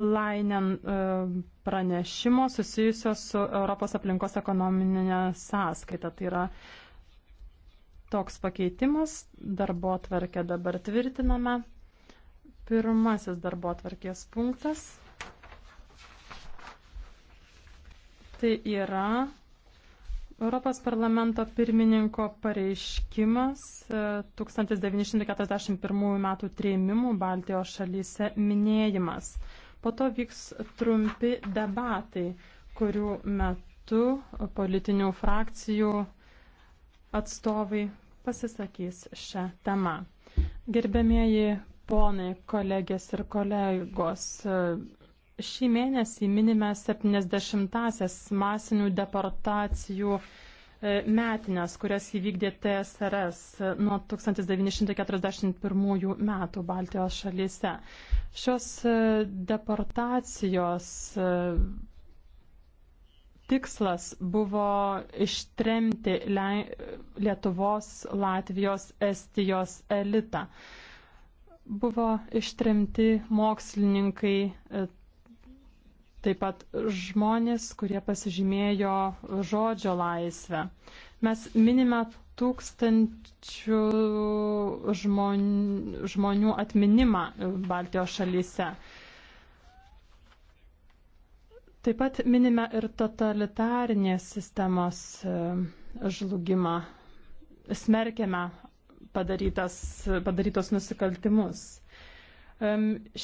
Lainen e, pranešimo susijusio su Europos aplinkos ekonominė sąskaita. Tai yra toks pakeitimas, darbo tvarkę dabar tvirtiname. Pirmasis darbo tvarkės punktas. Tai yra Europos parlamento pirmininko pareiškimas 1941 e, m. trėmimų Baltijos šalyse minėjimas. Po to vyks trumpi debatai, kurių metu politinių frakcijų atstovai pasisakys šią temą. Gerbėmėji ponai, kolegės ir kolegos, šį mėnesį minime 70-asias masinių deportacijų E, metinės, kurias įvykdė TSRS e, nuo 1941 metų Baltijos šalyse. Šios e, deportacijos tikslas buvo ištremti Lietuvos, Latvijos, Estijos elitą. Buvo ištremti mokslininkai, Taip pat žmonės, kurie pasižymėjo žodžio laisvę. Mes minime tūkstančių žmonių, žmonių atminimą Baltijos šalyse. Taip pat minime ir totalitarnės sistemos e, žlugimą. Smerkiame padarytas, padarytos nusikaltimus.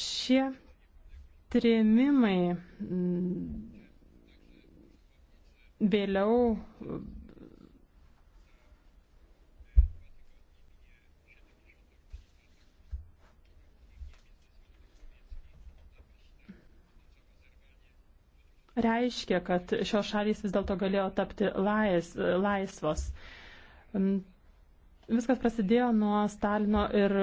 Šie trėmimai mm, vėliau reiškia, kad šios šalys vis dėlto galėjo tapti lais, laisvos. Mm, Viskas prasidėjo nuo Stalino ir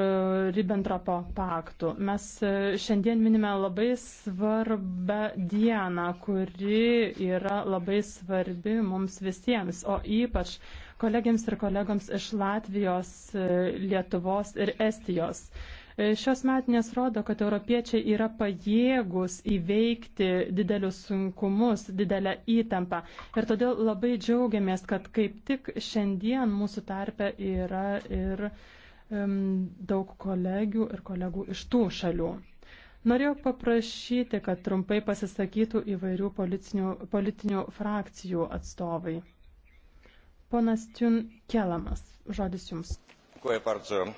Ribbentropo paktų. Mes e, šiandien minime labai svarbę dieną, kuri yra labai svarbi mums visiems, o ypač kolegiams ir kolegams iš Latvijos, e, Lietuvos ir Estijos. E, šios metinės rodo, kad europiečiai yra pajėgus įveikti didelius sunkumus, didelę įtampą. Ir todėl labai džiaugiamės, kad kaip tik šiandien mūsų tarpe yra ir um, daug kolegių ir kolegų iš tų šalių. Norėjau paprašyti, kad trumpai pasisakytų įvairių politinių, politinių frakcijų atstovai. Ponas Tjun Kelamas, žodis Jums. Dėkuoju,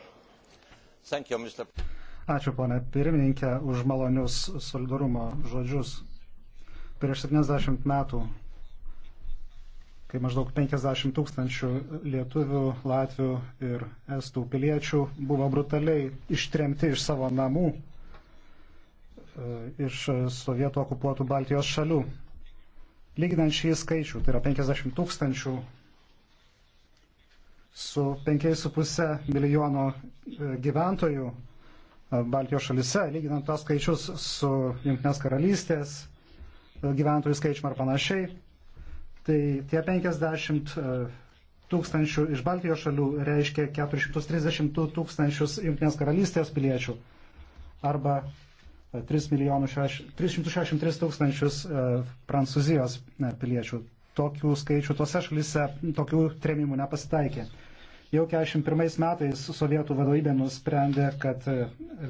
Ačiū, ponė pirmininkė, už malonius solidarumo žodžius. Prieš 70 metų, kai maždaug 50 tūkstančių lietuvių, latvių ir estų piliečių buvo brutaliai ištremti iš savo namų, e, iš sovietų okupuotų Baltijos šalių. Lyginant šį skaičių, tai yra 50 tūkstančių su 5,5 milijono e, gyventojų e, Baltijos šalise, lyginant tos skaičius su Junktinės karalystės e, gyventojų skaičiumi ar panašiai, tai tie 50 tūkstančių iš Baltijos šalių reiškia 430 tūkstančius Junktinės karalystės piliečių arba 3 milijonų 363 tūkstančius Prancūzijos piliečių tokių skaičių tose šalise, tokių tremimų nepasitaikė. Jau 41 metais sovietų vadovybė nusprendė, kad e,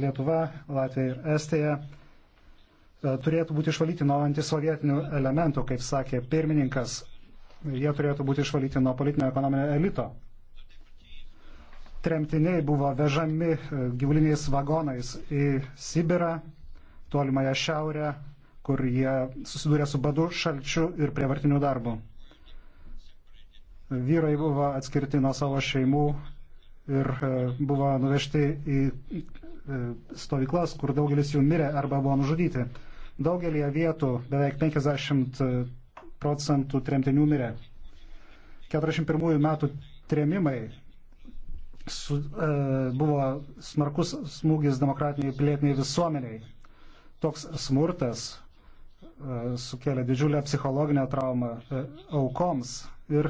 Lietuva, Latvija ir Estija e, turėtų būti išvalyti nuo antisovietinių elementų, kaip sakė pirmininkas. Jie turėtų būti išvalyti nuo politinio ekonominio elito. Tremtiniai buvo vežami e, gyvuliniais vagonais į Sibirą, tolimąją šiaurę, kur jie susidūrė su badu, šalčiu ir prievartiniu darbu. Vyrai buvo atskirti nuo savo šeimų ir e, buvo nuvežti į e, stovyklas, kur daugelis jų mirė arba buvo nužudyti. Daugelį vietų beveik 50 e, procentų tremtinių mirė. 41 metų tremimai su, e, buvo smarkus smūgis demokratiniai pilietiniai visuomeniai. Toks smurtas E, sukėlė didžiulę psichologinę traumą e, aukoms ir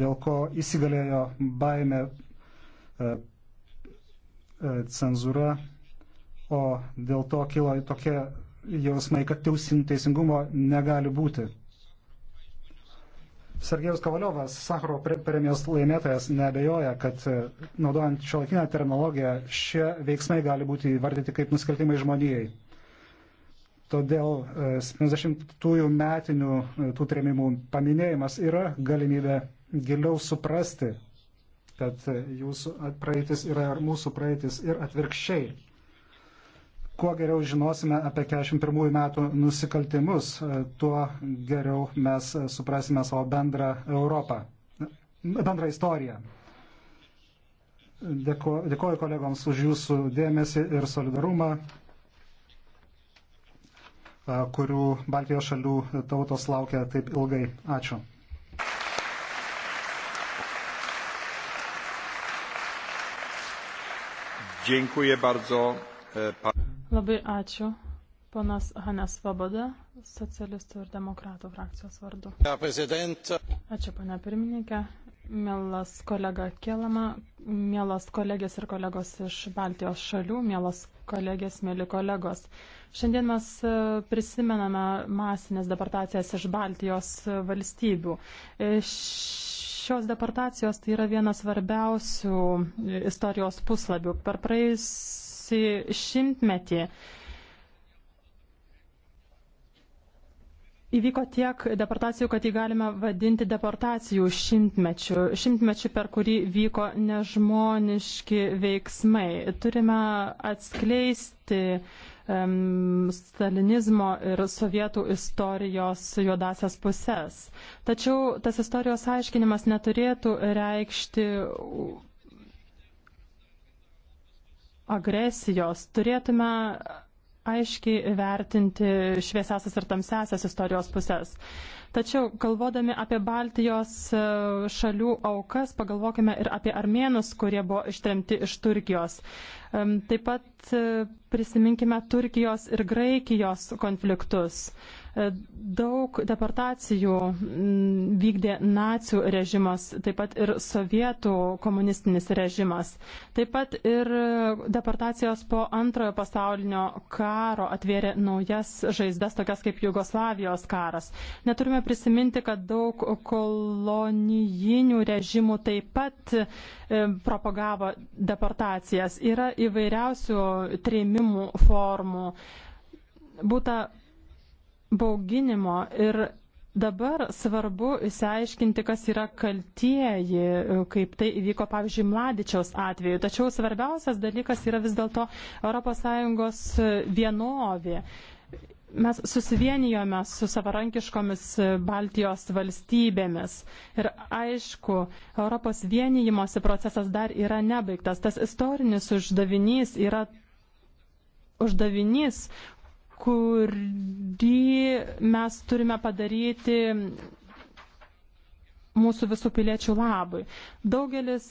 dėl ko įsigalėjo baime e, cenzūra, o dėl to kilo tokie jausmai, kad teisingumo negali būti. Sergejus Kovaliovas, Sakro premijos laimėtojas, nebejoja, kad naudojant šiuolaikinę terminologiją šie veiksmai gali būti įvardyti kaip nusikaltimai žmonijai. Todėl 70-ųjų e, metinių e, tų trėmimų paminėjimas yra galimybė giliau suprasti, kad e, jūsų praeitis yra ir mūsų praeitis ir atvirkščiai. Kuo geriau žinosime apie 41 metų nusikaltimus, tuo geriau mes suprasime savo bendrą Europą, bendrą istoriją. Dėkuoju kolegoms už jūsų dėmesį ir solidarumą kurių Baltijos šalių tautos laukia taip ilgai. Ačiū. Dziękuję bardzo. E, Labai ačiū. Ponas Hanes Svoboda, socialistų ir demokratų frakcijos vardu. Ačiū, pane pirmininkė. Mielas kolega Kelama, mielas kolegės ir kolegos iš Baltijos šalių, mielas kolegės, mėly kolegos. Šiandien mes e, prisimename masinės deportacijas iš Baltijos valstybių. E, šios deportacijos tai yra vienas svarbiausių istorijos puslapių. Per praėjusį šimtmetį Įvyko tiek deportacijų, kad jį galime vadinti deportacijų šimtmečių, šimtmečių, per kurį vyko nežmoniški veiksmai. Turime atskleisti um, stalinizmo ir sovietų istorijos juodasias puses. Tačiau tas istorijos aiškinimas neturėtų reikšti agresijos. Turėtume aiškiai vertinti šviesiasias ir tamsiasias istorijos pusės. Tačiau, galvodami apie Baltijos e, šalių aukas, pagalvokime ir apie armėnus, kurie buvo ištremti iš Turkijos. Taip pat e, prisiminkime Turkijos ir Graikijos konfliktus. Daug deportacijų mm, vykdė nacijų režimas, taip pat ir sovietų komunistinis režimas. Taip pat ir deportacijos po antrojo pasaulinio karo atvėrė naujas žaizdas, tokias kaip Jugoslavijos karas. Neturime prisiminti, kad daug kolonijinių režimų taip pat e, propagavo deportacijas. Yra įvairiausių treimimų formų. Būta bauginimo ir dabar svarbu įsiaiškinti, kas yra kaltieji, kaip tai įvyko, pavyzdžiui, Mladičiaus atveju. Tačiau svarbiausias dalykas yra vis dėlto ES vienovė. Mes susivienijome su savarankiškomis Baltijos valstybėmis ir aišku, Europos vienijimosi procesas dar yra nebaigtas. Tas istorinis uždavinys yra uždavinys, kurį mes turime padaryti mūsų visų piliečių labui. Daugelis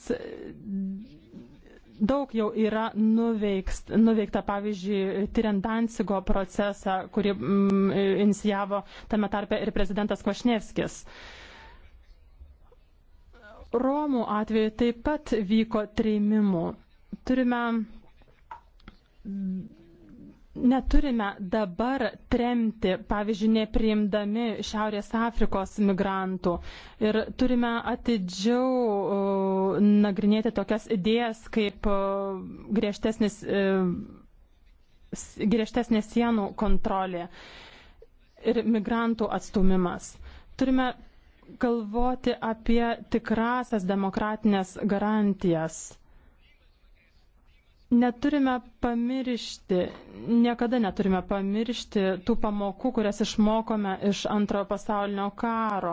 daug jau yra nuveikst, nuveikta, pavyzdžiui, tyriant Dansigo procesą, kurį mm, inicijavo tame tarpe ir prezidentas Kvašnevskis. Romų atveju taip pat vyko treimimų. Turime neturime dabar tremti, pavyzdžiui, nepriimdami Šiaurės Afrikos migrantų. Ir turime atidžiau uh, nagrinėti tokias idėjas kaip uh, griežtesnis, uh, griežtesnė sienų kontrolė ir migrantų atstumimas. Turime galvoti apie tikrasias demokratinės garantijas. Neturime pamiršti, niekada neturime pamiršti tų pamokų, kurias išmokome iš antrojo pasaulinio karo.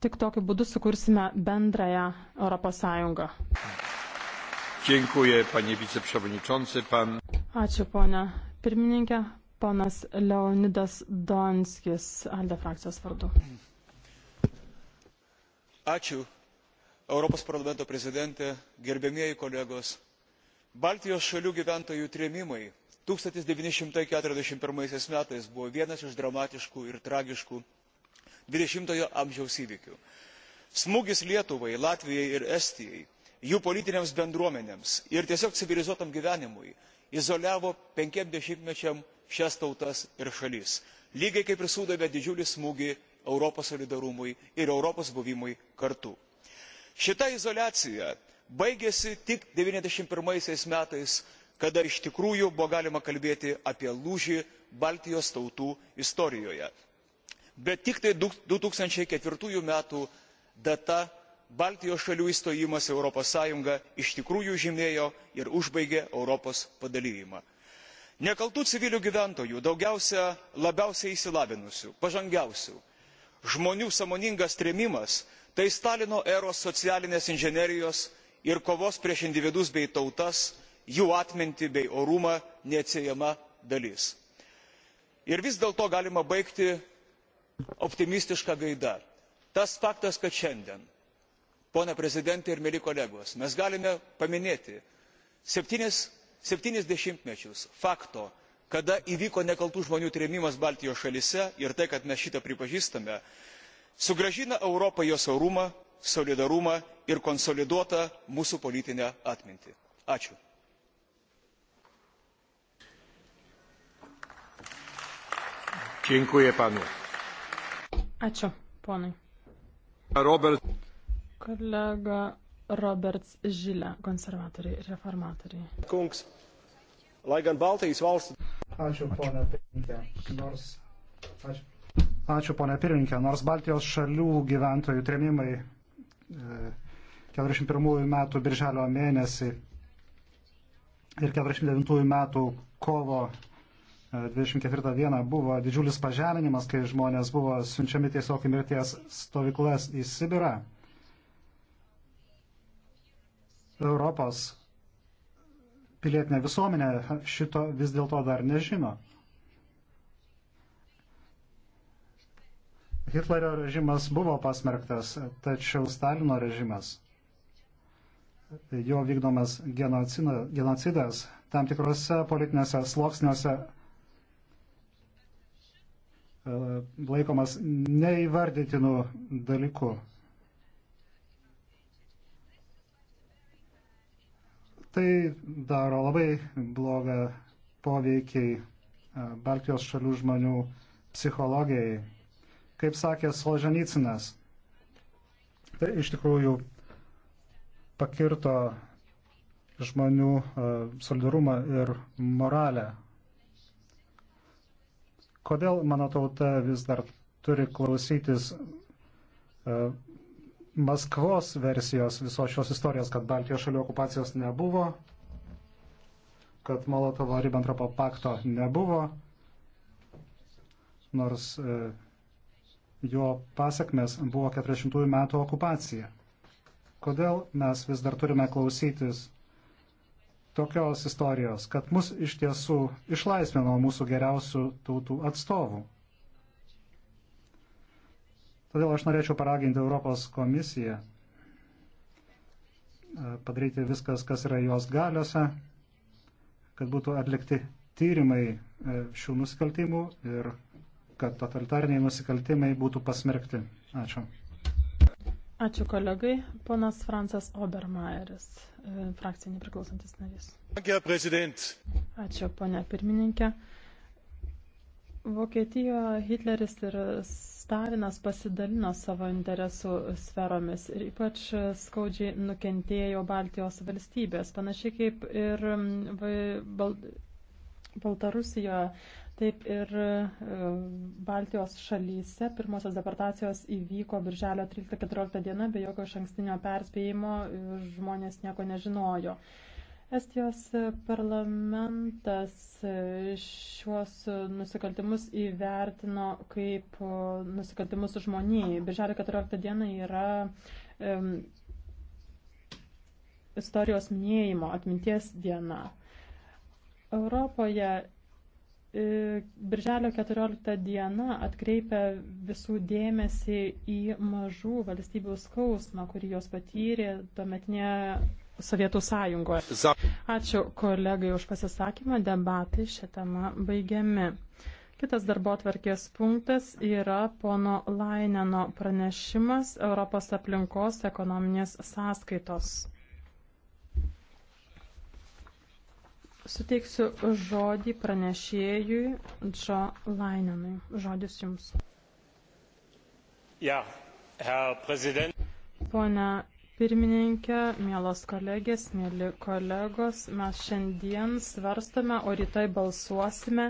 Tik tokiu būdu sukursime bendrąją Europos Sąjungą. Dziękuję, panie wiceprzewodniczący, pan. Ačiū, ponia pirmininkė, ponas Leonidas Donskis, Alde frakcijos vardu. Ačiū europos parlamento prezidente gerbiamieji kolegos baltijos šalių gyventojų trėmimai tūkstantis devyni šimtai keturiasdešimt vienas metais buvo vienas iš dramatiškų ir tragiškų xx amžiaus įvykių. smūgis lietuvai latvijai ir estijai jų politinėms bendruomenėms ir tiesiog civilizuotam gyvenimui izoliavo penkiems dešimtmečiams šias tautas ir šalis lygiai kaip ir sudavė didžiulį smūgį europos solidarumui ir europos buvimui kartu šita izoliacija baigėsi tik devyniasdešimt vienas metais kada iš tikrųjų buvo galima kalbėti apie lūžį baltijos tautų istorijoje bet tik tai du tūkstančiai keturi metų data baltijos šalių įstojimas į europos sąjungą iš tikrųjų žymėjo ir užbaigė europos padalijimą. nekaltų civilių gyventojų daugiausia labiausiai išsilavinusių pažangiausių žmonių sąmoningas trėmimas tai stalino eros socialinės inžinerijos ir kovos prieš individus bei tautas jų atmintį bei orumą neatsiejama dalis. ir vis dėlto galima baigti optimistiška gaida tas faktas kad šiandien pone prezidente ir mieli kolegos mes galime paminėti septynis dešimtmečius fakto kada įvyko nekaltų žmonių trėmimas baltijos šalyse ir tai kad mes šitą pripažįstame sugrąžina europai jos orumą solidarumą ir konsoliduotą mūsų politinę atmintį. ačiū. Dziękuję panu. Ačiū, ponai. Robert. Kolega Roberts Žilė, konservatoriai ir reformatoriai. Kungs, lai gan Baltijos valstybės. Ačiū, ponia Pintė. Nors, ačiū, Ačiū, ponė pirmininkė. Nors Baltijos šalių gyventojų tremimai 41 e, metų birželio mėnesį ir 49 metų kovo 24 e, dieną buvo didžiulis pažeminimas, kai žmonės buvo siunčiami tiesiog į mirties stovyklas į Sibirą. Europos pilietinė visuomenė šito vis dėlto dar nežino. Hitlerio režimas buvo pasmerktas, tačiau Stalino režimas, jo vykdomas genocidas tam tikrose politinėse sloksniuose e, laikomas neįvardytinų dalykų. Tai daro labai blogą poveikiai e, Baltijos šalių žmonių psichologijai. Kaip sakė Solženicinas, tai iš tikrųjų pakirto žmonių e, solidarumą ir moralę. Kodėl mano tauta vis dar turi klausytis e, Maskvos versijos visos šios istorijos, kad Baltijos šalių okupacijos nebuvo, kad Molotovo Ribbentropo pakto nebuvo, nors e, jo pasakmes buvo 40 metų okupacija. Kodėl mes vis dar turime klausytis tokios istorijos, kad mus iš tiesų išlaisvino mūsų geriausių tautų atstovų? Todėl aš norėčiau paraginti Europos komisiją e, padaryti viskas, kas yra jos galiuose, kad būtų atlikti tyrimai e, šių nusikaltimų ir kad totalitariniai nusikaltimai būtų pasmerkti. Ačiū. Ačiū kolegai. Ponas Francas Obermaeris, e, frakcija nepriklausantis narys. Ačiū, ponia pirmininkė. Vokietijoje Hitleris ir Stalinas pasidalino savo interesų sferomis ir ypač skaudžiai nukentėjo Baltijos valstybės, panašiai kaip ir mm, Baltarusijoje, taip ir e, Baltijos šalyse pirmosios deportacijos įvyko birželio 13-14 dieną, be jokio iš ankstinio perspėjimo e, žmonės nieko nežinojo. Estijos parlamentas e, šiuos nusikaltimus įvertino kaip nusikaltimus žmonijai. Birželio 14 diena yra um, istorijos minėjimo atminties diena. Europoje e, Birželio 14 diena atkreipia visų dėmesį į mažų valstybių skausmą, kurį jos patyrė tuometinėje Sovietų sąjungoje. Ačiū kolegai už pasisakymą, debatai šią temą baigiami. Kitas darbo atvarkės punktas yra pono Laineno pranešimas Europos aplinkos ekonominės sąskaitos. Suteiksiu žodį pranešėjui Džo Lainenui. Žodis jums. Ja, Pone pirmininkė, mielos kolegės, mėly kolegos, mes šiandien svarstame, o rytoj balsuosime